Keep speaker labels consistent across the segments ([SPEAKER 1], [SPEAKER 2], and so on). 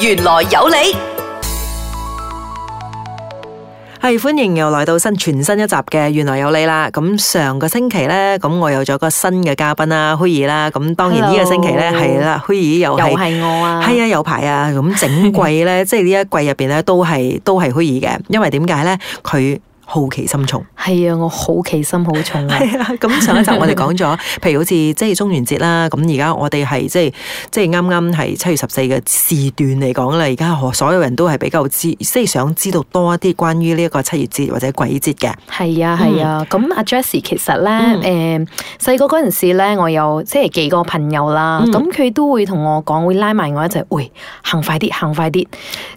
[SPEAKER 1] 玄來有理，
[SPEAKER 2] 係，歡迎又來到新全新一集嘅玄來有理啦。咁上個星期呢，咁我有咗個新嘅嘉賓啦，虛擬啦。咁當然呢個星期呢係啦，虛擬又係，又係我啊。係啊，有排啊，咁整季呢，即係呢一季入邊呢，都係都係虛擬嘅。因為點解呢，佢。好奇心重，係啊，我好奇心好重啊。係啊，咁上一集我哋講咗，譬如好似即係中元節啦，咁而家我哋係即係即係啱啱係七月十四嘅時段嚟講啦，而家所有人都係比較知，即係想知道多一啲關於呢一個七月節或者鬼節嘅。
[SPEAKER 1] 係啊，係啊，咁、嗯、阿、嗯、Jesse 其實咧，誒、嗯，細個嗰陣時咧，我有即係幾個朋友啦，咁、嗯、佢都會同我講，會拉埋我一齊、就是，喂，行快啲，行快啲，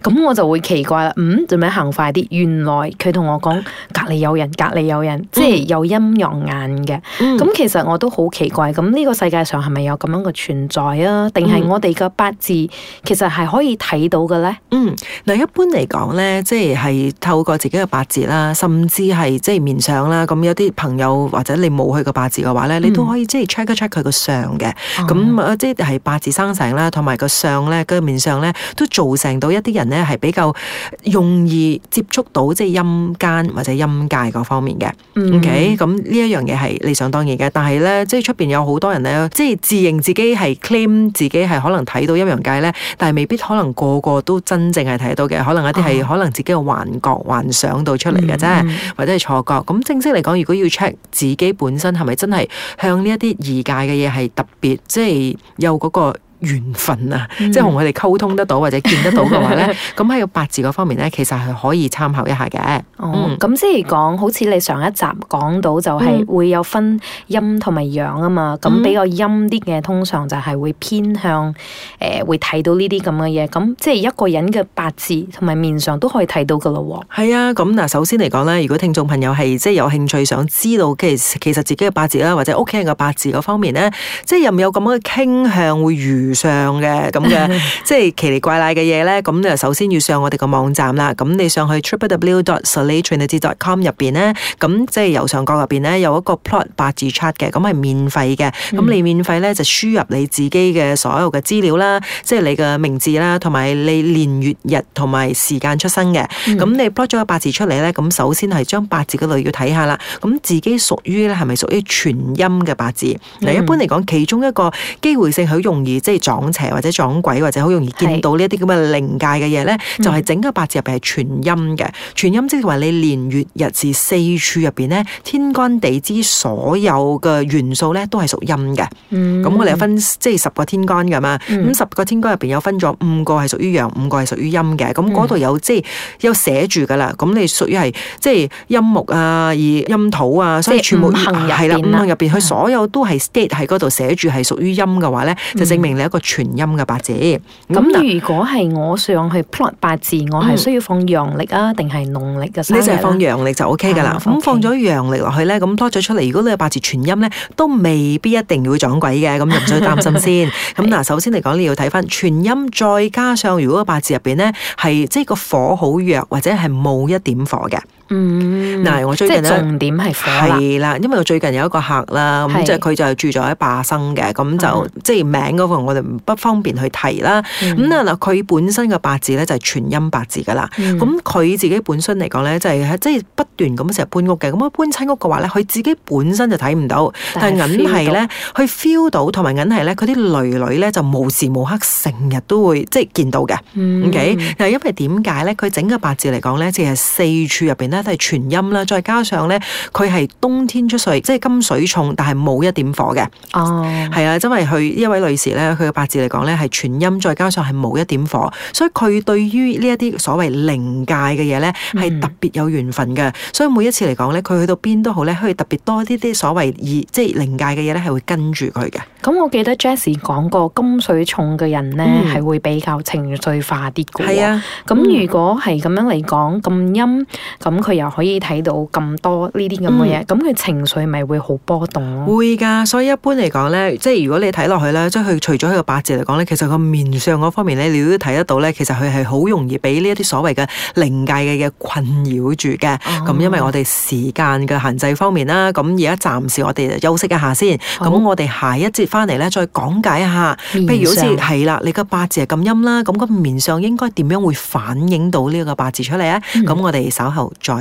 [SPEAKER 1] 咁我就會奇怪啦，嗯，做咩行快啲？原來佢同我講。嗯隔離有人，隔離有人，嗯、即係有陰陽眼嘅。咁、嗯、其實我都好奇怪，咁呢個世界上係咪有咁樣嘅存在啊？定係我哋嘅八字其
[SPEAKER 2] 實係可以睇到嘅咧？嗯，嗱，一般嚟講咧，即係透過自己嘅八字啦，甚至係即係面相啦。咁有啲朋友或者你冇去過八字嘅話咧，你都可以他的、嗯、即係 check 一 check 佢個相嘅。咁即係八字生成啦，同埋個相咧，個面相咧，都造成到一啲人咧係比較容易接觸到即係陰間或者陰界嗰方面嘅、嗯、，OK，咁呢一樣嘢係理想當然嘅，但係咧，即係出邊有好多人咧，即係自認自己係 claim 自己係可能睇到陰陽界咧，但係未必可能個個都真正係睇到嘅，可能一啲係可能自己嘅幻覺、嗯、幻想到出嚟嘅啫，或者係錯覺。咁正式嚟講，如果要 check 自己本身係咪真係向呢一啲異界嘅嘢係特別，即係有嗰、嗰個緣分啊，即係同佢哋溝通得到或者見得到嘅話咧，咁喺個八字嗰方面咧，其實係可以參考一下嘅。哦，
[SPEAKER 1] 咁、嗯、即係講好似你上一集講到，就係會有分陰同埋陽啊嘛。咁、嗯、比較陰啲嘅，通常就係會偏向誒、呃、會睇到呢啲咁嘅嘢。咁即係一個人嘅八字同埋面上都可以睇到㗎咯喎。
[SPEAKER 2] 係啊，咁嗱，首先嚟講咧，如果聽眾朋友係即係有興趣想知道，其實其實自己嘅八字啦，或者屋企人嘅八字嗰方面咧，即係有唔有咁樣嘅傾向會遇？ 上嘅咁嘅，即係奇奇怪怪嘅嘢咧。咁你就首先要上我哋個網站啦。咁你上去 w w w s o l i t r i n i t y c o m 入邊咧，咁即係右上角入邊咧有一個 plot 八字 chart 嘅，咁係免費嘅。咁、嗯、你免費咧就輸入你自己嘅所有嘅資料啦，即、就、係、是、你嘅名字啦，同埋你年月日同埋時間出生嘅。咁、嗯、你 plot 咗個八字出嚟咧，咁首先係將八字嗰度要睇下啦。咁自己屬於咧係咪屬於全陰嘅八字？嗱、嗯，一般嚟講，其中一個機會性好容易即係。撞邪或者撞鬼或者好容易見到呢一啲咁嘅靈界嘅嘢咧，就係整個八字入邊係全陰嘅。全陰即係話，你年月日時四柱入邊咧，天干地支所有嘅元素咧都係屬陰嘅。咁我哋分即係十個天干噶嘛，咁十個天干入邊有分咗五個係屬於陽，五個係屬於陰嘅。咁嗰度有即係有寫住噶啦，咁你屬於係即係陰木啊，而陰土啊，所以全部係啦，五行入邊佢所有都係 state 喺嗰度寫住係屬於陰嘅話咧，就證明你。個全陰嘅八字，咁
[SPEAKER 1] 如果係我上去 plot 八字，我係需要放陽曆啊，定係農曆嘅？呢你就放
[SPEAKER 2] 陽歷就 OK 噶啦。咁放咗陽歷落去咧，咁多咗出嚟，如果你個八字全陰咧，都未必一定會撞鬼嘅，咁又唔使擔心先。咁嗱，首先嚟講你要睇翻全陰，再加上如果個八字入邊咧係即係個火好弱或者係冇一點火嘅。嗯，嗱，我最近咧，是重點係火啦，係啦，因為我最近有一個客啦，咁即係佢就住咗喺霸生嘅，咁就、嗯、即係名嗰個我哋唔方便去提啦。咁啊嗱，佢本身嘅八字咧就係全陰八字噶啦，咁、嗯、佢自己本身嚟講咧就係即係不斷咁成日搬屋嘅，咁搬親屋嘅話咧，佢自己本身就睇唔到，但係揞係咧，佢 feel 到同埋揞係咧，佢啲女女咧就無時無刻成日都會即係、就是、見到嘅、嗯。OK，就係因為點解咧？佢整個八字嚟講咧，即係四處入邊咧。都係全陰啦，再加上咧，佢係冬天出水，即係金水重，但係冇一點火嘅。哦，係啊，因為佢呢位女士咧，佢嘅八字嚟講咧係全陰，再加上係冇一點火，所以佢對於呢一啲所謂靈界嘅嘢咧，係特別有緣分嘅。所以每一次嚟講咧，佢去到邊都好咧，可以特別多啲啲所謂二，即係靈界嘅嘢咧，係會跟住佢嘅。
[SPEAKER 1] 咁我記得 Jessie 講過，金水重嘅人咧係、mm. 會比較情緒化啲嘅。係啊，咁如果係咁樣嚟講，咁陰咁佢。又可以睇到咁多呢啲咁嘅嘢，咁、嗯、佢情緒咪會好波動咯？
[SPEAKER 2] 會㗎，所以一般嚟講咧，即係如果你睇落去咧，即係佢除咗佢個八字嚟講咧，其實個面相嗰方面咧，你都睇得到咧，其實，佢係好容易俾呢一啲所謂嘅靈界嘅嘢困擾住嘅。咁、啊、因為我哋時間嘅限制方面啦，咁而家暫時我哋休息一下先。咁、哦、我哋下一節翻嚟咧，再講解一下。譬如好似係啦，你個八字係咁陰啦，咁個面相應該點樣會反映到呢個八字出嚟啊？咁、嗯、我哋稍後再。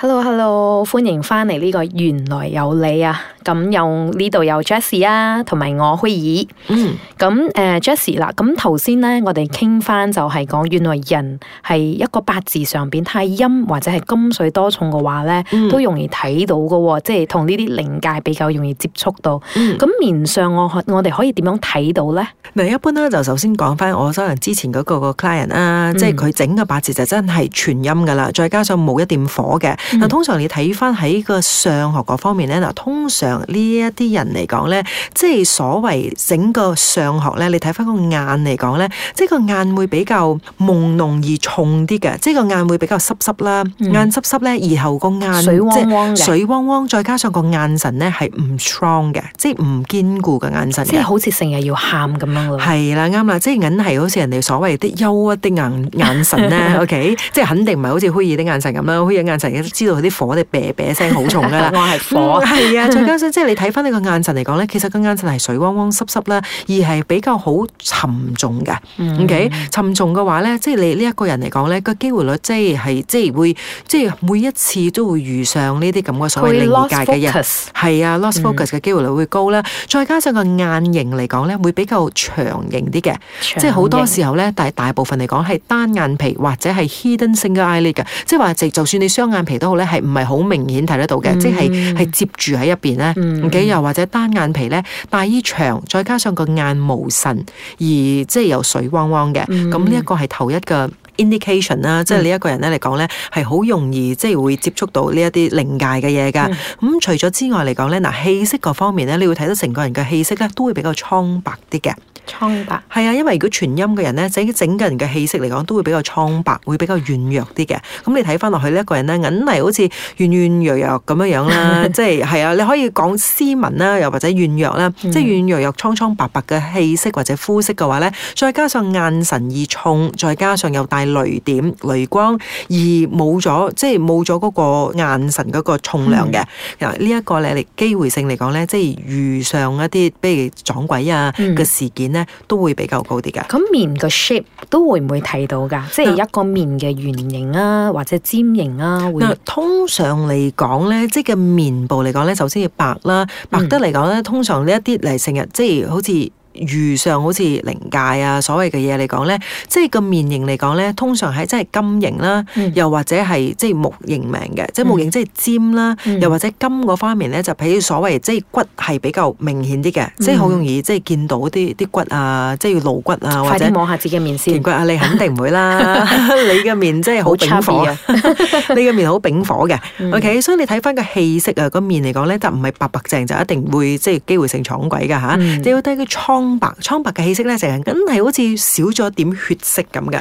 [SPEAKER 1] Hello，Hello，hello，歡迎翻嚟呢個玄來有理啊！咁有呢度有 Jesse 啊，同埋我灰兒。嗯，咁誒、呃、，Jesse 啦，咁頭先咧，我哋傾翻就係講原來人係一個八字上邊太陰或者係金水多重嘅話咧、嗯，都容易睇到嘅，即係同呢啲靈界比較容易接觸
[SPEAKER 2] 到。嗯，咁面上我我哋可以點樣睇到咧？嗱，一般咧就首先講翻我所能之前嗰個個 client 啊，即係佢整個八字就真係全陰噶啦，再加上冇一點火嘅。嗱、嗯，通常你睇翻喺個上學嗰方面咧，嗱，通常呢一啲人嚟講咧，即係所謂整個上學咧，你睇翻個眼嚟講咧，即係個眼會比較朦朧而重啲嘅，即係個眼會比較濕濕啦，眼濕濕咧，然後個眼、嗯、水汪汪、水汪汪，再加上個眼神咧係唔 strong 嘅，即係唔堅固嘅眼神，即係好似成日要喊咁樣咯。係啦，啱啦，即係咁係好似人哋所謂的憂鬱的眼眼神咧，OK，即係肯定唔係好似虛擬的眼神咁樣，虛 擬、okay? 眼神知道佢啲火咧，喋喋聲好重噶啦。我係火，係啊。再加上即係你睇翻你個眼神嚟講咧，其實個眼神係水汪汪濕濕啦，而係比較好沉重嘅。OK，沉重嘅話咧，即係你呢一個人嚟講咧，個機會率即係即係會即係每一次都會遇上呢啲咁嘅所謂靈異界嘅人。係啊，lost focus 嘅機會率會高啦。再加上個眼型嚟講咧，會比較長型啲嘅，即係好多時候咧，但係大部分嚟講係單眼皮或者係 hidden 型嘅 eyelid 嘅，即係話就就算你雙眼皮。都咧係唔係好是是明顯睇得到嘅，mm -hmm. 即係係接住喺入邊咧，咁、mm、又 -hmm. 或者單眼皮咧大衣長，再加上個眼無神，而即係又水汪汪嘅，咁呢一個係頭一個 indication 啦，即係你一個人咧嚟講咧係好容易即係、就是、會接觸到呢一啲靈界嘅嘢噶。咁、mm -hmm. 嗯、除咗之外嚟講咧，嗱氣色個方面咧，你會睇到成個人嘅氣色咧都會比較蒼白啲嘅。蒼白係啊，因為如果全陰嘅人咧，整整個人嘅氣息嚟講都會比較蒼白，會比較軟弱啲嘅。咁你睇翻落去呢一個人咧，銀泥好似軟軟弱弱咁樣樣啦，即係係啊，你可以講斯文啦，又或者軟弱啦，嗯、即係軟弱弱、蒼蒼白白嘅氣息或者膚色嘅話咧，再加上眼神而重，再加上又帶淚點、淚光，而冇咗即係冇咗嗰個眼神嗰個重量嘅。嗱、嗯，呢一個你嚟機會性嚟講咧，即、就、係、是、遇上一啲，比如撞鬼啊嘅、嗯、事件。咧都會比較高啲嘅，咁面個 shape 都會唔會睇到㗎？即
[SPEAKER 1] 係一個面嘅圓形啊，或者尖形啊，會
[SPEAKER 2] 通常嚟講咧，即係個面部嚟講咧，首先要白啦，白得嚟講咧，通常呢一啲嚟成日，即係好似，遇上好似靈界啊，所謂嘅嘢嚟講咧，即係個面型嚟講咧，通常係真係金型啦、嗯，又或者係即係木型命嘅、嗯，即係木型即係尖啦，又或者金嗰方面咧、嗯，就譬如所謂即係骨係比較明顯啲嘅，即係好容易即係見到啲啲骨啊，即、就、係、要、露骨啊、嗯，或者摸下自己面先，顴骨啊，你肯定唔會啦， 你嘅面即係好丙火， 你嘅面好丙火嘅、嗯、，OK，所以你睇翻個氣色啊，個面嚟講咧，就唔係白白淨就一定會即係機會性闖鬼㗎吓，你、嗯、要睇佢蒼白蒼白嘅氣息咧，成日梗係好似少咗點血色咁嘅。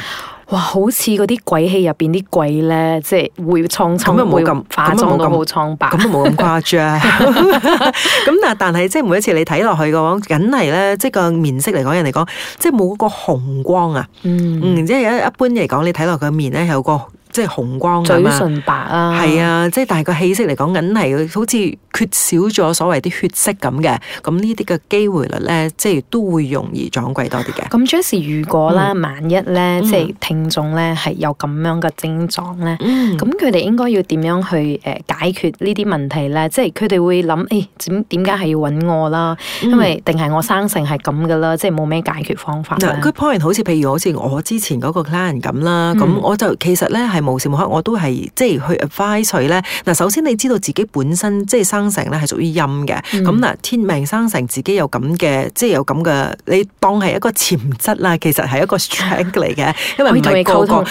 [SPEAKER 2] 哇，
[SPEAKER 1] 好似嗰啲鬼戲入邊啲鬼咧，即係會蒼白，咁冇咁，咁冇咁蒼白，咁冇咁誇
[SPEAKER 2] 張。咁但係，即係每一次你睇落去嘅話，梗係咧，即係個面色嚟講，人嚟講，即係冇嗰個紅光啊。嗯，然之後一一般嚟講，你睇落佢面咧，有個即係紅光，嘴唇白啊，係啊，即係但係個氣息嚟講，梗係好似。缺少咗所謂啲血色咁嘅，咁呢啲嘅機會率咧，即係都會容易撞鬼多啲嘅。咁 Jesse 如果啦，萬
[SPEAKER 1] 一咧、嗯，即係聽眾咧係有咁樣嘅症狀咧，咁佢哋應該要點樣去解決呢啲問題咧？即係佢哋會諗，誒點解係要揾我啦、嗯？因為定係我生成係咁噶啦，即係冇咩解決方法。no,
[SPEAKER 2] good point，好似譬如好似我之前嗰個 client 咁啦，咁、嗯、我就其實咧係無時無刻我都係即係去 advice 佢咧。嗱，首先你知道自己本身即係生。生成咧係屬於陰嘅，咁、嗯、嗱，天命生成自己有咁嘅，即係有咁嘅，你當係一個潛質啦，其實係一個 strength 嚟嘅，因為唔係個個，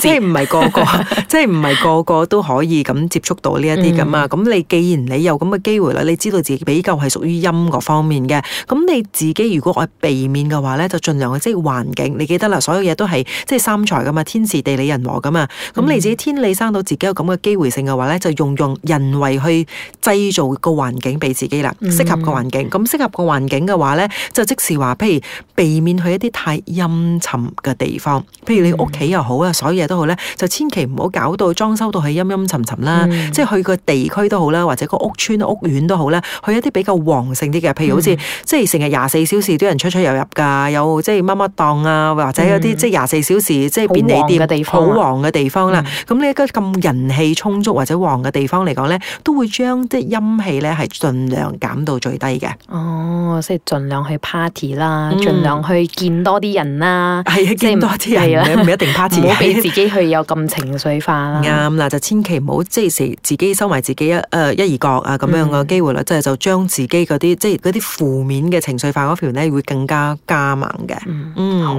[SPEAKER 2] 即係唔係個個，即係唔係個個都可以咁接觸到呢一啲噶嘛。咁、嗯、你既然你有咁嘅機會啦，你知道自己比較係屬於陰嗰方面嘅，咁你自己如果我避免嘅話咧，就盡量即係環境，你記得啦，所有嘢都係即係三才噶嘛，天時、地利人和噶嘛。咁你自己天理生到自己有咁嘅機會性嘅話咧，就用用人為去制。做個環境俾自己啦，適合個環境。咁、嗯、適合個環境嘅話咧，就即使話，譬如避免去一啲太陰沉嘅地方。譬如你屋企又好啊、嗯，所有嘢都好咧，就千祈唔好搞到裝修到係陰陰沉沉啦、嗯。即係去個地區都好啦，或者個屋村屋苑都好啦，去一啲比較旺盛啲嘅，譬如好似、嗯、即係成日廿四小時都有人出出入入㗎，有即係乜乜檔啊，或者有啲、嗯、即係廿四小時即係便利店好旺嘅地方啦。咁呢一個咁人氣充足或者旺嘅地方嚟講咧，都會將啲陰陰氣咧係盡量減到最低嘅。
[SPEAKER 1] 哦，即係盡量去 party 啦，盡、嗯、量去見多啲人啦。係、哎、啊，見多啲人，唔一定 party。唔俾自己
[SPEAKER 2] 去有咁情緒化啦。啱啦，就千祈唔好即係自己收埋自己一誒、呃、一二角啊咁樣嘅機會啦。即、嗯、係就將、是、自己嗰啲即係嗰啲負面嘅情緒化嗰條咧，會更加加猛嘅。嗯，好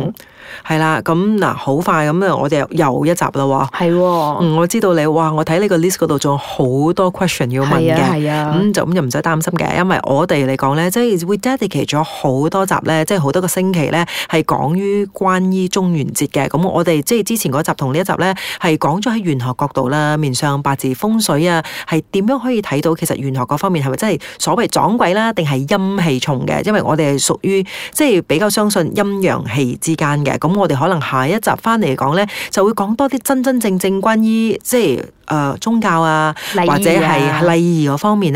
[SPEAKER 2] 係啦。咁嗱，好快咁樣我哋又有一集啦喎。係喎、嗯，我知道你哇！我睇呢個 list 嗰度仲有好多 question 要問嘅。係啊。咁、yeah. 嗯，就咁就唔使擔心嘅，因為我哋嚟講咧，即係 we dedicate 咗好多集咧，即係好多個星期咧，係講於關於中元節嘅。咁我哋即係之前嗰集同呢一集咧，係講咗喺玄學角度啦，面上八字風水啊，係點樣可以睇到其實玄學嗰方面係咪真係所謂撞鬼啦，定係陰氣重嘅？因為我哋係屬於即係比較相信陰陽氣之間嘅。咁我哋可能下一集翻嚟講咧，就會講多啲真真正正關於即係誒、呃、宗教啊，啊或者係禮儀方面。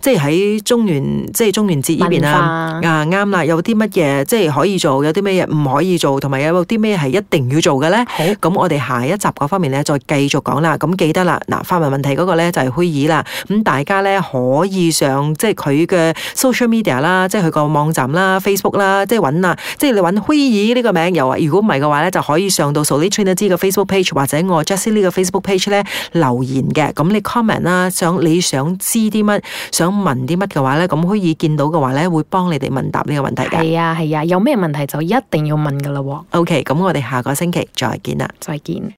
[SPEAKER 2] 即係喺中元，即係中元節呢邊啊，啱啦，有啲乜嘢即係可以做，有啲咩嘢唔可以做，同埋有啲咩係一定要做嘅呢？好，咁我哋下一集嗰方面呢，再繼續講啦。咁記得啦，嗱、啊，發文問題嗰個呢就係虛擬啦。咁大家呢，可以上，即係佢嘅 social media 啦，即係佢個網站啦、Facebook 啦，即係搵啊，即係你搵虛擬呢個名字。又話如果唔係嘅話呢，就可以上到 Sally Trina 嘅 Facebook page 或者我 Jessie 呢個 Facebook page 呢留言嘅。咁你 comment 啦、啊，想你想知啲乜。想問啲乜嘅話咧，咁可以見到嘅話咧，會幫你哋問答呢個問題嘅。係啊，係啊，有咩問題就一定要問㗎喇。OK，咁我哋下個星期再見啦。再見。